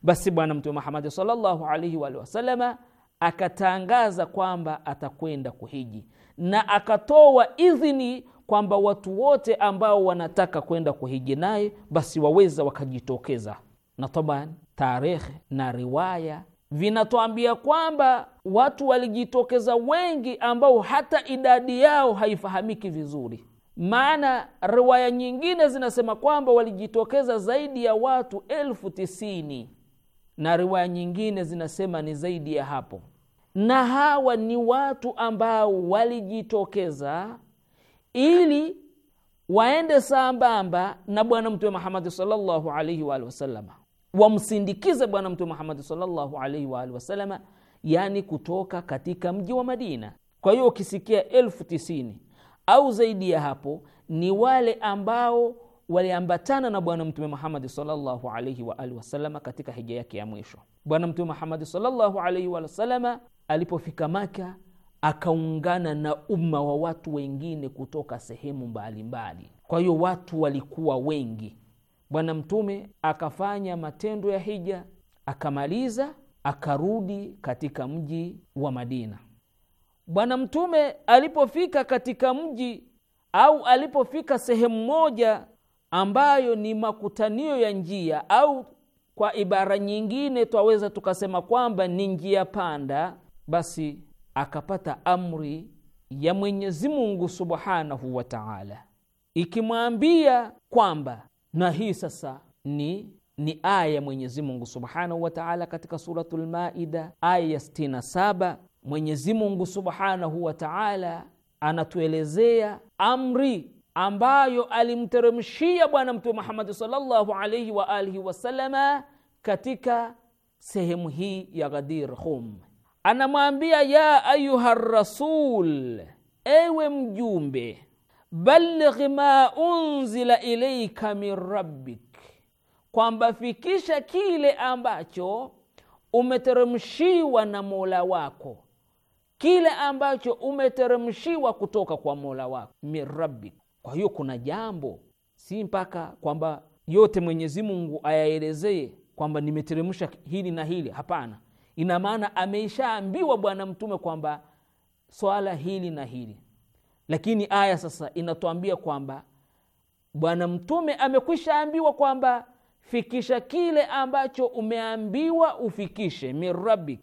Basi Bwana Mtume Muhamadi sallallahu alaihi waalihi wasalama akatangaza kwamba atakwenda kuhiji na akatoa idhini kwamba watu wote ambao wanataka kwenda kuhiji naye basi waweza wakajitokeza. Na taban tarehe na riwaya vinatuambia kwamba watu walijitokeza wengi ambao hata idadi yao haifahamiki vizuri maana riwaya nyingine zinasema kwamba walijitokeza zaidi ya watu elfu tisini na riwaya nyingine zinasema ni zaidi ya hapo na hawa ni watu ambao walijitokeza ili waende sambamba na bwana mtume muhamadi salllahu alaihi waalihi wasalama wamsindikize bwana mtume muhamadi salllahu alaihi waalihi wasalama yani kutoka katika mji wa madina kwa hiyo ukisikia elfu tisini au zaidi ya hapo ni wale ambao waliambatana na Bwana Mtume muhamadi sallallahu alaihi wa alihi wasalama katika hija yake ya mwisho. Bwana Mtume Muhammadi sallallahu alaihi wa salama alipofika Maka akaungana na umma wa watu wengine kutoka sehemu mbalimbali. Kwa hiyo watu walikuwa wengi. Bwana Mtume akafanya matendo ya hija, akamaliza, akarudi katika mji wa Madina. Bwana Mtume alipofika katika mji au alipofika sehemu moja ambayo ni makutanio ya njia au kwa ibara nyingine twaweza tukasema kwamba ni njia panda, basi akapata amri ya Mwenyezi Mungu subhanahu wa taala ikimwambia kwamba, na hii sasa ni ni aya ya Mwenyezi Mungu subhanahu wa taala katika suratu lmaida aya ya 67 Mwenyezi Mungu subhanahu wa taala anatuelezea amri ambayo alimteremshia Bwana Mtume Muhammadi sallallahu alayhi wa alihi wasallama katika sehemu hii ya Ghadir Khum. anamwambia ya ayuha rasul, ewe mjumbe, balligh ma unzila ilayka min rabbik, kwamba fikisha kile ambacho umeteremshiwa na mola wako kile ambacho umeteremshiwa kutoka kwa mola wako min rabbik. Kwa hiyo kuna jambo, si mpaka kwamba yote Mwenyezi Mungu ayaelezee kwamba nimeteremsha hili na hili. Hapana, ina maana ameishaambiwa Bwana Mtume kwamba swala hili na hili, lakini aya sasa inatuambia kwamba Bwana Mtume amekwisha ambiwa kwamba fikisha kile ambacho umeambiwa ufikishe min rabbik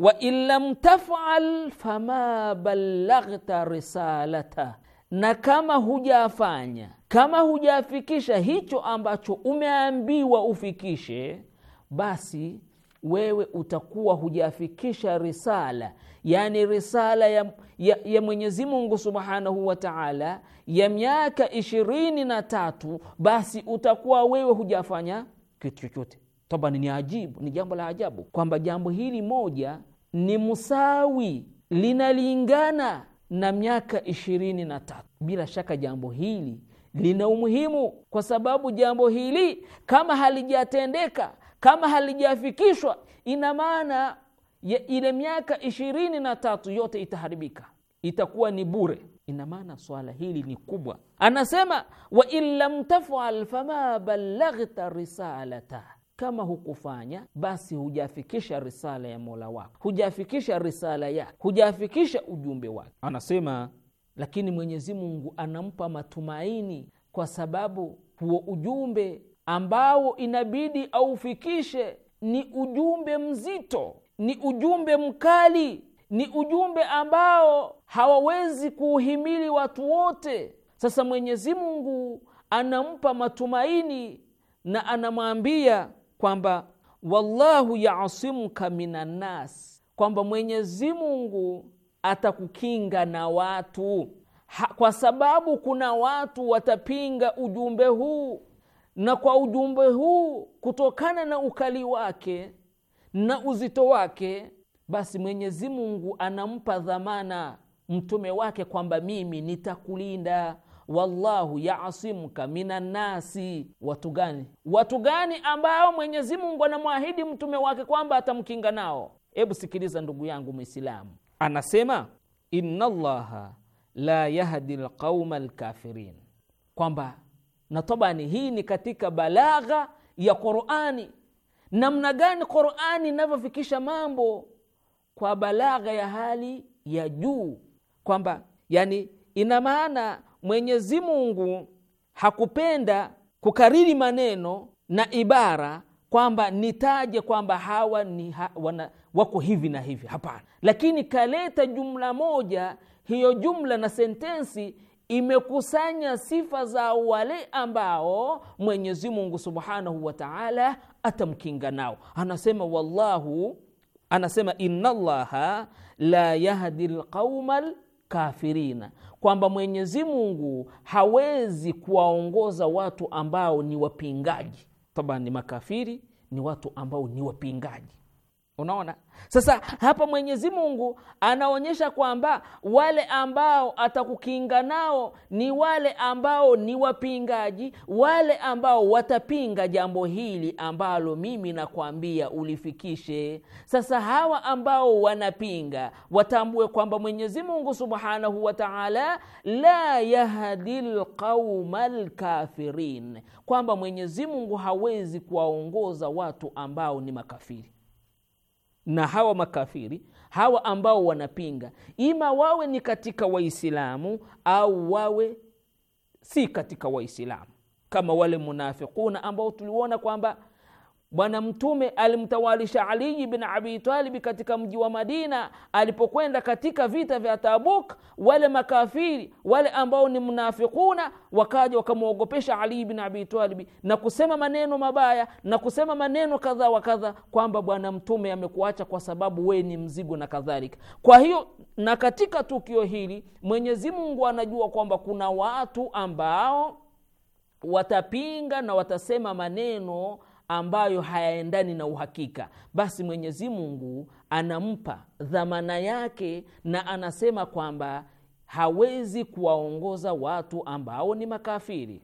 wa in lam tafal fama ballaghta risalata, na kama hujafanya, kama hujafikisha hicho ambacho umeambiwa ufikishe, basi wewe utakuwa hujafikisha risala, yani risala ya, ya, ya Mwenyezi Mungu subhanahu wa taala ya miaka ishirini na tatu. Basi utakuwa wewe hujafanya kitu chochote. Toba, ni ajibu, ni jambo la ajabu kwamba jambo hili moja ni musawi, linalingana na miaka ishirini na tatu. Bila shaka jambo hili lina umuhimu, kwa sababu jambo hili kama halijatendeka, kama halijafikishwa, ina maana ile miaka ishirini na tatu yote itaharibika, itakuwa ni bure. Ina maana swala hili ni kubwa. Anasema, wa in lam tafal fama ballaghta risalata kama hukufanya basi, hujafikisha risala ya mola wako, hujafikisha risala yake, hujafikisha ujumbe wake. Anasema lakini Mwenyezi Mungu anampa matumaini, kwa sababu huo ujumbe ambao inabidi aufikishe ni ujumbe mzito, ni ujumbe mkali, ni ujumbe ambao hawawezi kuuhimili watu wote. Sasa Mwenyezi Mungu anampa matumaini na anamwambia kwamba wallahu yaasimuka minannas, kwamba Mwenyezi Mungu atakukinga na watu ha, kwa sababu kuna watu watapinga ujumbe huu na kwa ujumbe huu kutokana na ukali wake na uzito wake, basi Mwenyezi Mungu anampa dhamana mtume wake kwamba mimi nitakulinda wallahu yaasimuka minannasi. Watu gani? Watu gani ambao Mwenyezi Mungu anamwahidi mtume wake kwamba atamkinga nao? Hebu sikiliza ndugu yangu Mwislamu, anasema inna llaha la yahdi lqauma lkafirin, kwamba na tabani hii ni katika balagha ya Qurani, namna gani Qurani inavyofikisha mambo kwa balagha ya hali ya juu, kwamba yani ina maana Mwenyezi Mungu hakupenda kukariri maneno na ibara kwamba nitaje kwamba hawa ni ha, wana, wako hivi na hivi. Hapana, lakini kaleta jumla moja. Hiyo jumla na sentensi imekusanya sifa za wale ambao Mwenyezi Mungu subhanahu wa taala atamkinga nao. Anasema wallahu, anasema inna llaha la yahdi lqauma lkafirina kwamba Mwenyezi Mungu hawezi kuwaongoza watu ambao ni wapingaji. ni makafiri ni watu ambao ni wapingaji unaona sasa hapa mwenyezi mungu anaonyesha kwamba wale ambao atakukinga nao ni wale ambao ni wapingaji wale ambao watapinga jambo hili ambalo mimi nakwambia ulifikishe sasa hawa ambao wanapinga watambue kwamba mwenyezi mungu subhanahu wa taala la yahdi lqauma lkafirin kwamba mwenyezi mungu hawezi kuwaongoza watu ambao ni makafiri na hawa makafiri hawa ambao wanapinga, ima wawe ni katika Waislamu au wawe si katika Waislamu, kama wale munafikuna ambao tuliona kwamba Bwana Mtume alimtawalisha Aliyi bin Abi katika mji wa Madina alipokwenda katika vita vya Tabuk. Wale makafiri wale ambao ni mnafikuna wakaja wakamwogopesha Aliyi bin Abi na kusema maneno mabaya na kusema maneno kadha wa kadha, kwamba Bwana Mtume amekuacha kwa sababu we ni mzigo na kadhalika. Kwa hiyo na katika tukio hili Mwenyezi Mungu anajua kwamba kuna watu ambao watapinga na watasema maneno ambayo hayaendani na uhakika, basi Mwenyezi Mungu anampa dhamana yake, na anasema kwamba hawezi kuwaongoza watu ambao ni makafiri.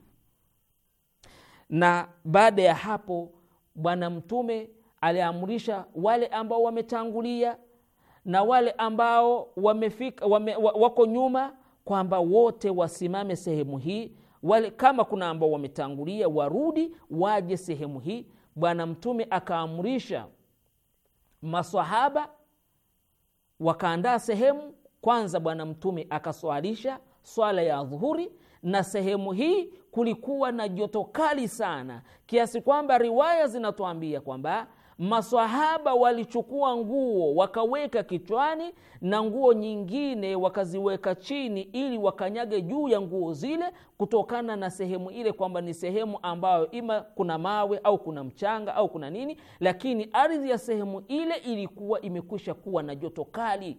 Na baada ya hapo, Bwana Mtume aliamrisha wale ambao wametangulia na wale ambao wamefika, wame, wako nyuma kwamba wote wasimame sehemu hii. Wale kama kuna ambao wametangulia warudi waje sehemu hii bwana mtume akaamrisha masahaba wakaandaa sehemu kwanza. Bwana mtume akaswalisha swala ya dhuhuri, na sehemu hii kulikuwa na joto kali sana, kiasi kwamba riwaya zinatuambia kwamba masahaba walichukua nguo wakaweka kichwani na nguo nyingine wakaziweka chini ili wakanyage juu ya nguo zile kutokana na sehemu ile kwamba ni sehemu ambayo ima kuna mawe au kuna mchanga au kuna nini lakini ardhi ya sehemu ile ilikuwa imekwisha kuwa na joto kali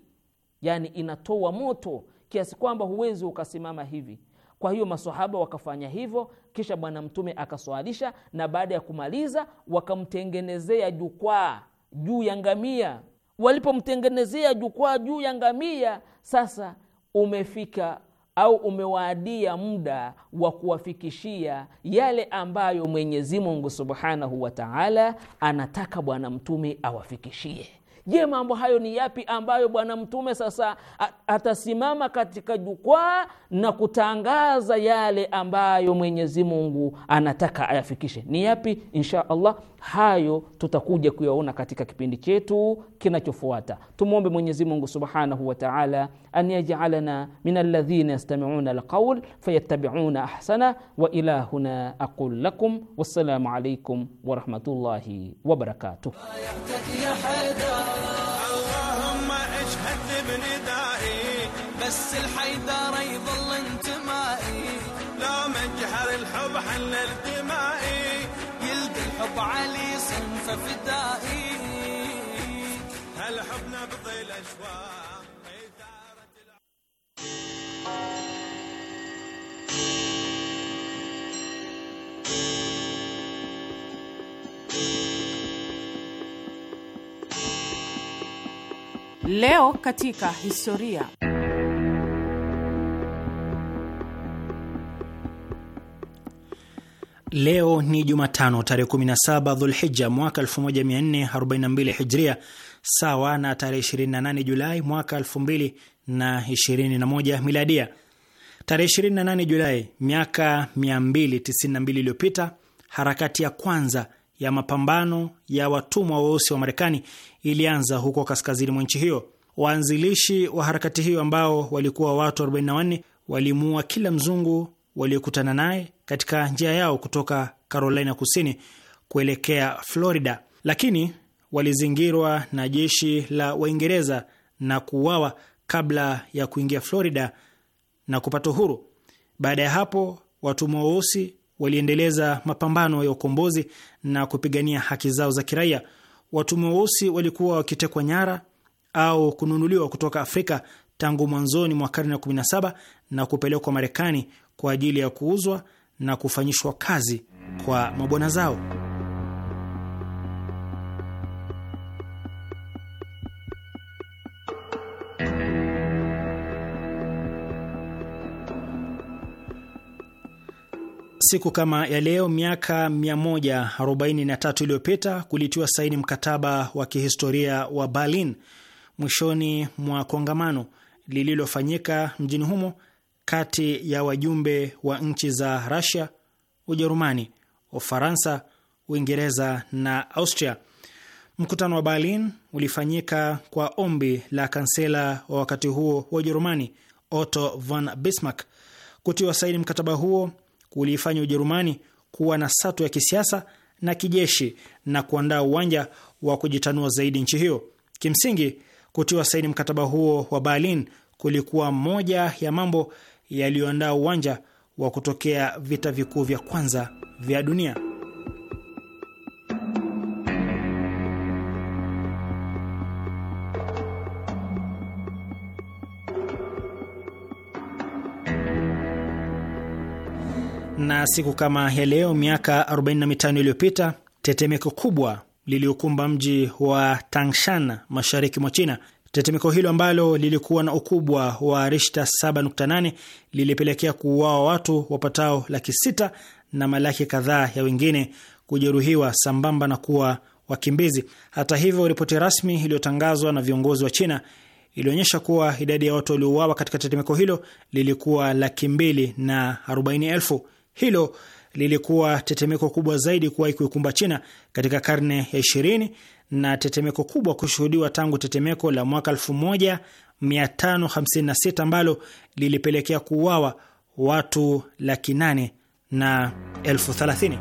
yaani inatoa moto kiasi kwamba huwezi ukasimama hivi kwa hiyo masahaba wakafanya hivyo, kisha Bwana Mtume akaswalisha, na baada ya kumaliza wakamtengenezea jukwaa juu ya ngamia. Walipomtengenezea jukwaa juu ya ngamia, sasa umefika au umewaadia muda wa kuwafikishia yale ambayo Mwenyezi Mungu subhanahu wataala anataka Bwana Mtume awafikishie je mambo hayo ni yapi ambayo bwana mtume sasa atasimama katika jukwaa na kutangaza yale ambayo mwenyezi mungu anataka ayafikishe ni yapi insha allah hayo tutakuja kuyaona katika kipindi chetu kinachofuata tumwombe mwenyezi mungu subhanahu wataala an yajalana min aladhina yastamiuna alqaul fayattabiuna ahsana wa ilahuna aqul lakum wassalamu alaikum warahmatullahi wabarakatuh. اللهم اشهد بندائي بس الحيدار يظل انتمائي لا مجهر الحب حل دمائي يلقي الحب علي صنف فدائي هالحب نبض الاشواق Leo katika historia. Leo ni Jumatano tarehe 17 Dhulhija mwaka 1442 Hijria, sawa na tarehe 28 Julai mwaka 2021 Miladia. Tarehe 28 Julai miaka 292 iliyopita, harakati ya kwanza ya mapambano ya watumwa weusi wa Marekani ilianza huko kaskazini mwa nchi hiyo. Waanzilishi wa harakati hiyo ambao walikuwa watu 44 walimuua kila mzungu waliokutana naye katika njia yao kutoka Carolina Kusini kuelekea Florida, lakini walizingirwa na jeshi la Waingereza na kuuawa kabla ya kuingia Florida na kupata uhuru. Baada ya hapo, watumwa weusi waliendeleza mapambano ya ukombozi na kupigania haki zao za kiraia watumwa weusi walikuwa wakitekwa nyara au kununuliwa kutoka Afrika tangu mwanzoni mwa karne ya 17 na kupelekwa Marekani kwa ajili ya kuuzwa na kufanyishwa kazi kwa mabwana zao. Siku kama ya leo miaka 143 iliyopita kulitiwa saini mkataba wa kihistoria wa Berlin mwishoni mwa kongamano lililofanyika mjini humo kati ya wajumbe wa nchi za Russia, Ujerumani, Ufaransa, Uingereza na Austria. Mkutano wa Berlin ulifanyika kwa ombi la kansela wa wakati huo wa Ujerumani Otto von Bismarck. Kutiwa saini mkataba huo uliifanya Ujerumani kuwa na sato ya kisiasa na kijeshi na kuandaa uwanja wa kujitanua zaidi nchi hiyo. Kimsingi, kutiwa saini mkataba huo wa Berlin kulikuwa moja ya mambo yaliyoandaa uwanja wa kutokea vita vikuu vya kwanza vya dunia. na siku kama ya leo miaka 45 iliyopita tetemeko kubwa liliokumba mji wa Tangshan mashariki mwa China. Tetemeko hilo ambalo lilikuwa na ukubwa wa rishta 7.8 lilipelekea kuuawa watu wapatao laki sita na malaki kadhaa ya wengine kujeruhiwa sambamba na kuwa wakimbizi. Hata hivyo, ripoti rasmi iliyotangazwa na viongozi wa China ilionyesha kuwa idadi ya watu waliouawa katika tetemeko hilo lilikuwa laki mbili na arobaini elfu. Hilo lilikuwa tetemeko kubwa zaidi kuwahi kuikumba China katika karne ya 20 na tetemeko kubwa kushuhudiwa tangu tetemeko la mwaka 1556 ambalo lilipelekea kuuawa watu laki nane na elfu thelathini.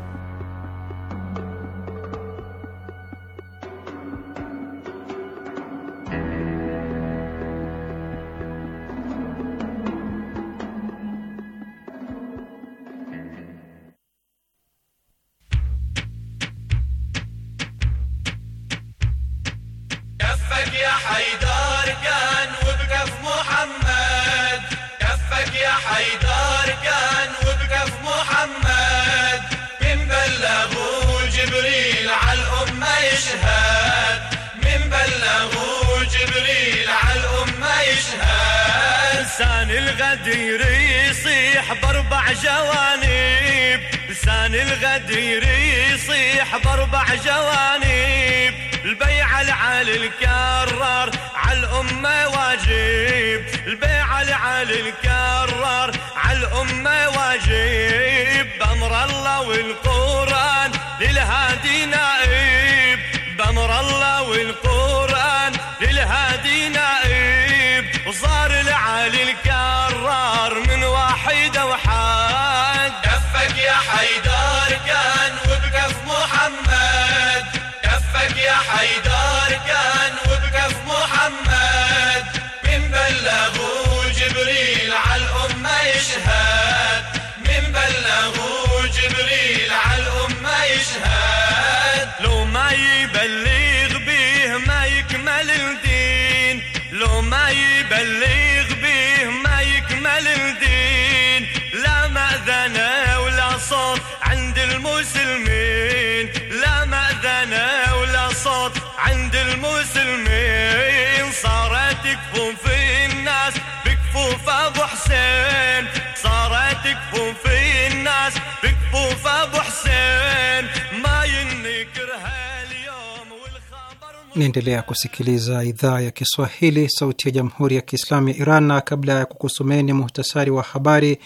حسين صارت تكفون في الناس تكفون في ابو حسين ما ينكرها اليوم والخبر naendelea kusikiliza idhaa ya Kiswahili sauti ya Jamhuri ya Kiislamu ya Iran, na kabla ya kukusomeni muhtasari wa habari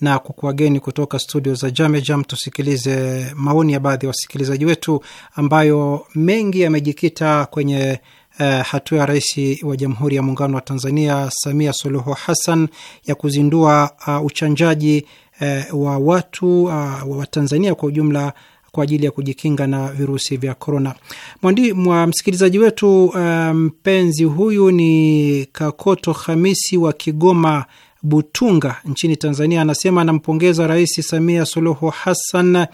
na kukuageni kutoka studio za Jamejam, tusikilize maoni ya baadhi ya wasikilizaji wetu ambayo mengi yamejikita kwenye Eh, hatua ya Rais wa Jamhuri ya Muungano wa Tanzania Samia Suluhu Hassan ya kuzindua uh, uchanjaji uh, wa watu uh, wa Tanzania kwa ujumla kwa ajili ya kujikinga na virusi vya korona. Mwa msikilizaji wetu eh, mpenzi um, huyu ni Kakoto Hamisi wa Kigoma Butunga nchini Tanzania anasema anampongeza Rais Samia Suluhu Hassan uh,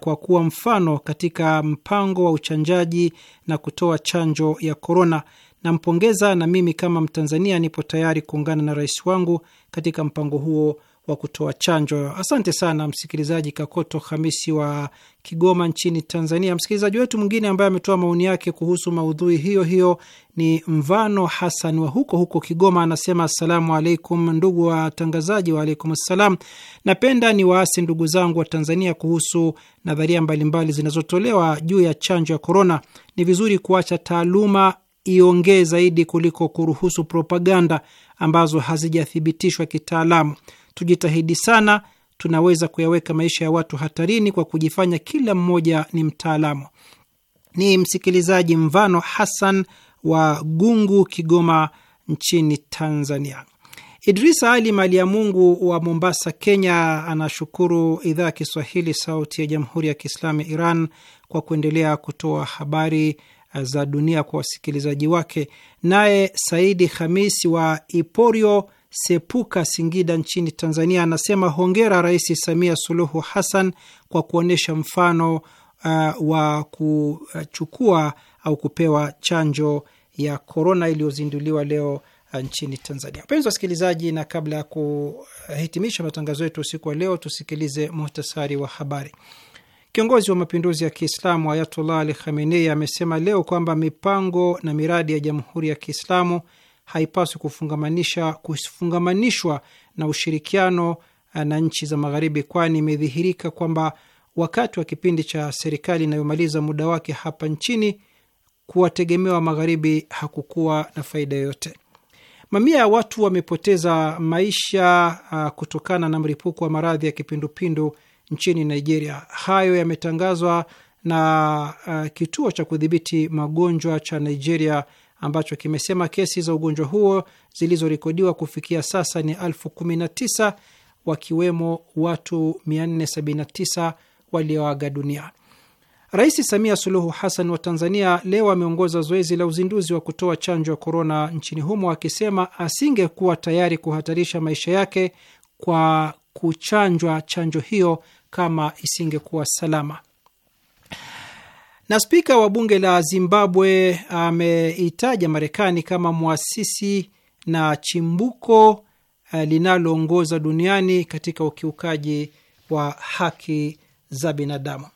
kwa kuwa mfano katika mpango wa uchanjaji na kutoa chanjo ya korona. Nampongeza na mimi kama Mtanzania nipo tayari kuungana na rais wangu katika mpango huo wa kutoa chanjo. Asante sana msikilizaji Kakoto Hamisi wa Kigoma nchini Tanzania. Msikilizaji wetu mwingine ambaye ametoa maoni yake kuhusu maudhui hiyo hiyo ni Mvano Hasan wa huko huko Kigoma, anasema assalamu alaikum ndugu watangazaji. Waalaikum assalam. Napenda ni waasi ndugu zangu wa Tanzania kuhusu nadharia mbalimbali zinazotolewa juu ya chanjo ya korona. Ni vizuri kuacha taaluma iongee zaidi kuliko kuruhusu propaganda ambazo hazijathibitishwa kitaalamu tujitahidi sana, tunaweza kuyaweka maisha ya watu hatarini kwa kujifanya kila mmoja ni mtaalamu. Ni msikilizaji Mvano Hassan wa Gungu, Kigoma nchini Tanzania. Idrisa Ali mungu wa Mombasa, Kenya, anashukuru idhaa ya Kiswahili Sauti ya Jamhuri ya Kiislamu ya Iran kwa kuendelea kutoa habari za dunia kwa wasikilizaji wake. Naye Saidi Hamisi wa Iporio Sepuka Singida nchini Tanzania anasema hongera Rais Samia Suluhu Hassan kwa kuonyesha mfano uh, wa kuchukua au kupewa chanjo ya korona iliyozinduliwa leo uh, nchini Tanzania. Wapenzi wasikilizaji, na kabla ya kuhitimisha matangazo yetu usiku wa leo, tusikilize muhtasari wa habari. Kiongozi wa mapinduzi ya Kiislamu Ayatullah Ali Khamenei amesema leo kwamba mipango na miradi ya Jamhuri ya Kiislamu haipaswi kufungamanisha kufungamanishwa na ushirikiano eh, na nchi za Magharibi, kwani imedhihirika kwamba wakati wa kipindi cha serikali inayomaliza muda wake hapa nchini kuwategemewa Magharibi hakukuwa na faida yoyote. Mamia ya watu wamepoteza maisha eh, kutokana na mlipuko wa maradhi ya kipindupindu nchini Nigeria. Hayo yametangazwa na eh, kituo cha kudhibiti magonjwa cha Nigeria ambacho kimesema kesi za ugonjwa huo zilizorekodiwa kufikia sasa ni elfu kumi na tisa wakiwemo watu 479 walioaga dunia. Rais Samia Suluhu Hassan wa Tanzania leo ameongoza zoezi la uzinduzi wa kutoa chanjo ya korona nchini humo, akisema asingekuwa tayari kuhatarisha maisha yake kwa kuchanjwa chanjo hiyo kama isingekuwa salama. Na spika wa bunge la Zimbabwe ameitaja Marekani kama mwasisi na chimbuko eh, linaloongoza duniani katika ukiukaji wa haki za binadamu.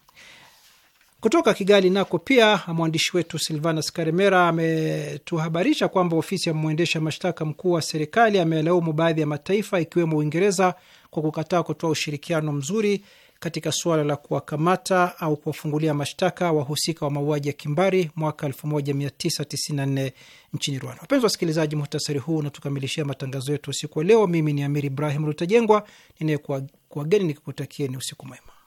Kutoka Kigali nako pia mwandishi wetu Silvanus Karemera ametuhabarisha kwamba ofisi ya mwendesha mashtaka mkuu wa serikali amelaumu baadhi ya mataifa ikiwemo Uingereza kwa kukataa kutoa ushirikiano mzuri katika suala la kuwakamata au kuwafungulia mashtaka wahusika wa mauaji ya kimbari mwaka 1994 nchini Rwanda. Wapenzi wasikilizaji, muhtasari huu unatukamilishia matangazo yetu usiku wa leo. Mimi ni Amiri Ibrahim Rutajengwa ninayekuwageni nikikutakieni usiku mwema.